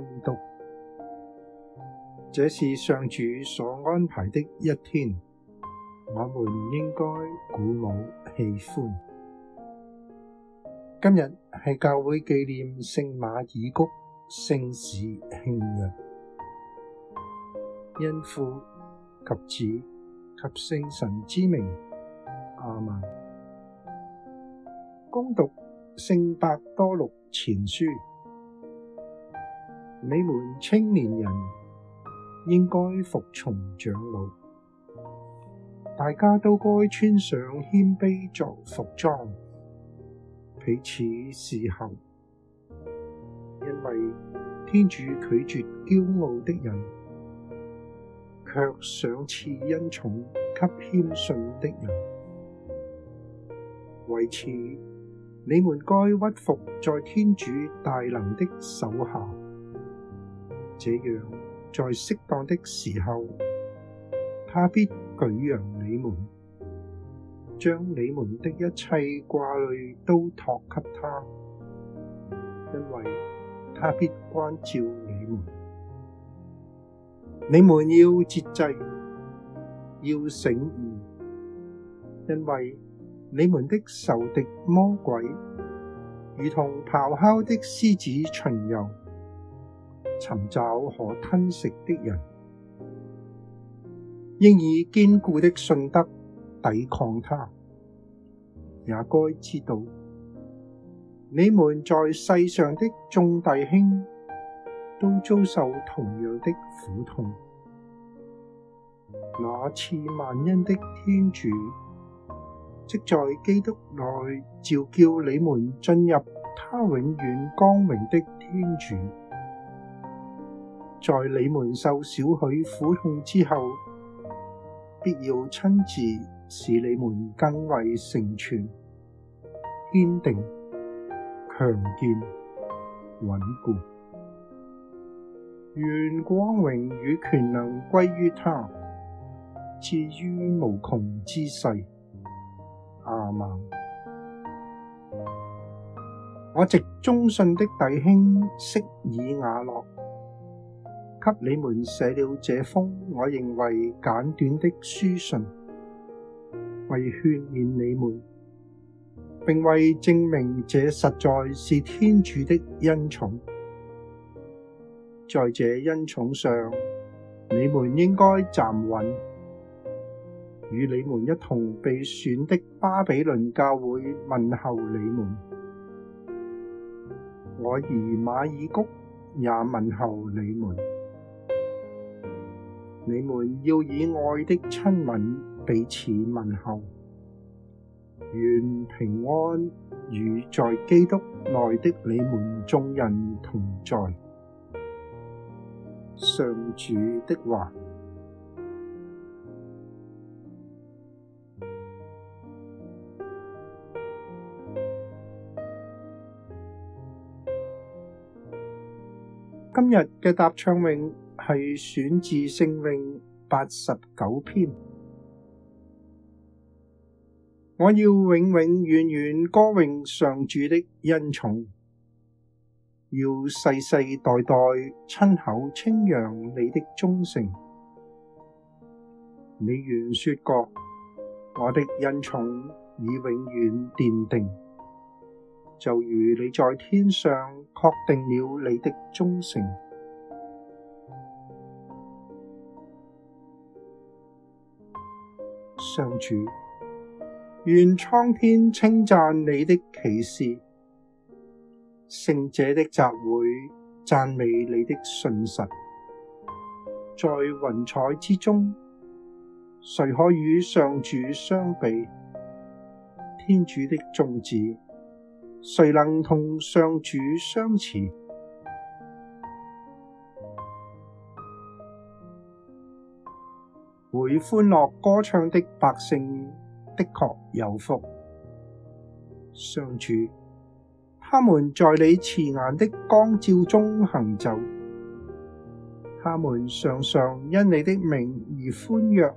誦讀，這是上主所安排的一天，我們應該鼓舞喜歡。今日係教會紀念聖馬爾谷聖史慶日，因父及子及聖神之名，亞孟。恭讀聖伯多祿前書。你們青年人，應該服從長老，大家都該穿上謙卑作服裝，彼此侍候。因為天主拒絕驕傲的人，卻賞賜恩寵給謙遜的人。為此，你們該屈服在天主大能的手下。這樣，在適當的時候，他必舉揚你們，將你們的一切掛慮都託給他，因為他必關照你們。你們要節制，要醒寤，因為你們的仇敵魔鬼，如同咆哮的獅子巡遊。尋找可吞食的人，應以堅固的信德抵抗他。也該知道，你們在世上的眾弟兄都遭受同樣的苦痛。那賜萬恩的天主，即在基督內召叫你們進入他永遠光榮的天主。在你們受少許苦痛之後，必要親自使你們更為成全、堅定、強健、穩固。願光榮與權能歸於他，至於無窮之世。亞孟。我藉忠信的弟兄息耳瓦諾，給你們寫了這封我認為簡短的書信，為勸勉你們，並為證明這實在是天主的恩寵。在這恩寵上，你們應該站穩。與你們一同被選的巴比倫教會問候你們，我兒馬爾谷也問候你們。你們要以愛的親吻彼此問候，願平安與在基督內的你們眾人同在。上主的話。今日嘅答唱詠。係選自聖詠八十九篇，我要永永遠遠歌詠上主的恩寵，要世世代代親口稱揚你的忠誠。你原說過，我的恩寵已永遠奠定，就如你在天上確定了你的忠誠。上主，願蒼天稱讚你的奇事，聖者的集會讚美你的信實！在雲彩之中，誰可與上主相比？天主的宗旨，誰能同上主相持？會歡樂歌唱的百姓，的確有福。上主，他們在你慈顏的光照中行走，他們常常因你的名而歡躍，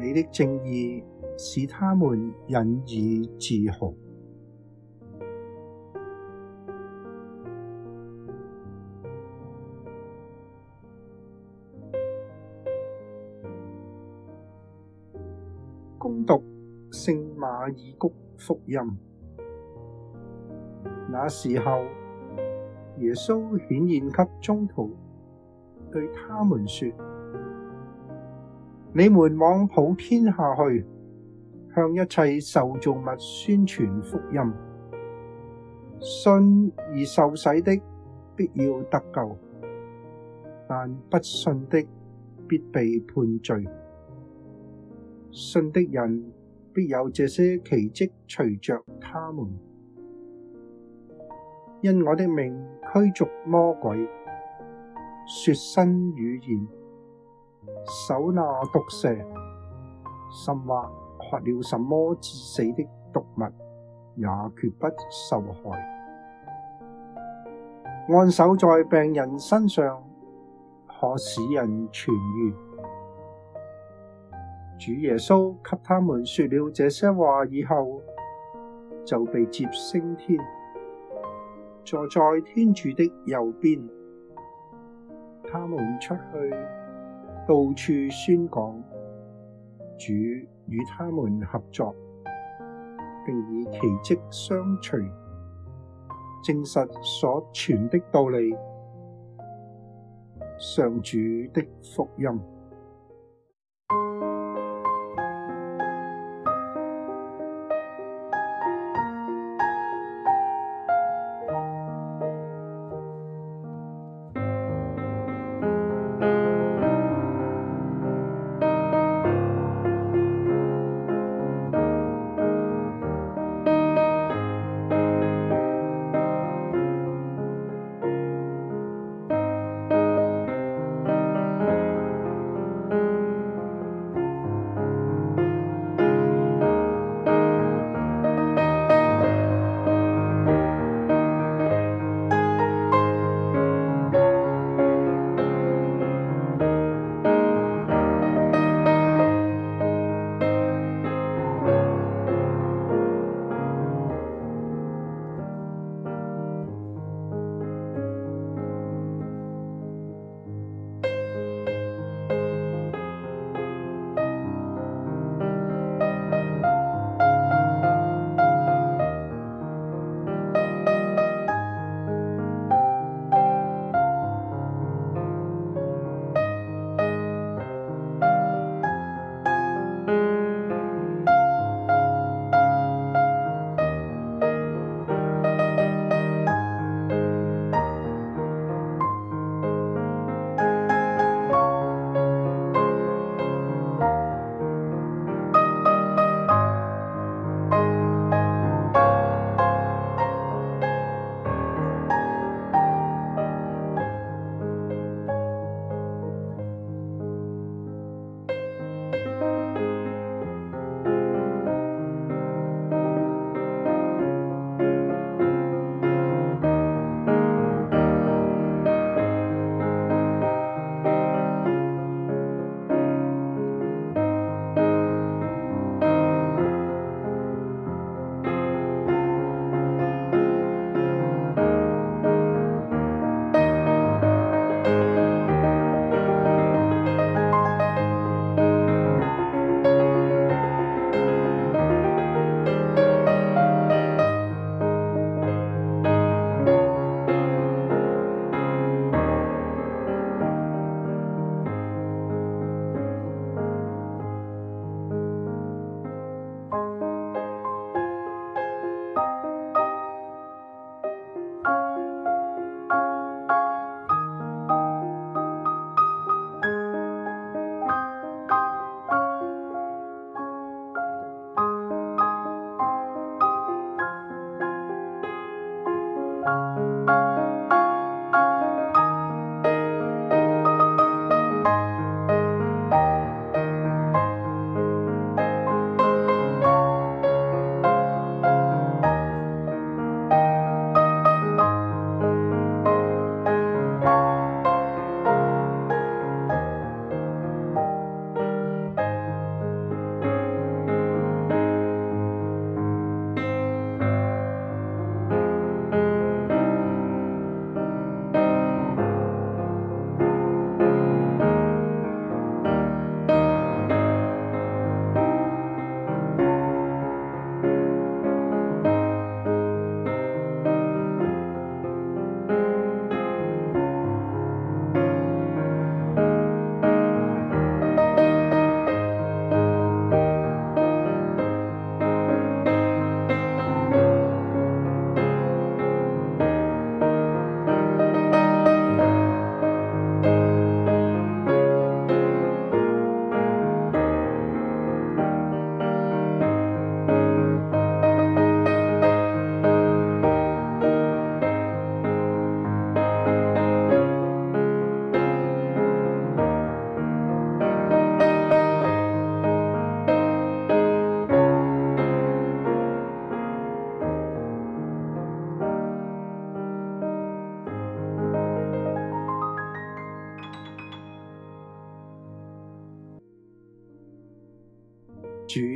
你的正義使他們引以自豪。恭讀聖馬爾谷福音。那時候，耶穌顯現給宗徒，對他們說：你們往普天下去，向一切受造物宣傳福音。信而受洗的，必要得救；但不信的，必被判罪。信的人必有這些奇蹟隨着他們，因我的名驅逐魔鬼，說新語言，手拿毒蛇，甚或喝了什麼致死的毒物也絕不受害，按手在病人身上，可使人痊愈。主耶穌給他們說了這些話以後，就被接升天，坐在天主的右邊。他們出去，到處宣講，主與他們合作，並以奇蹟相隨，證實所傳的道理，上主的福音。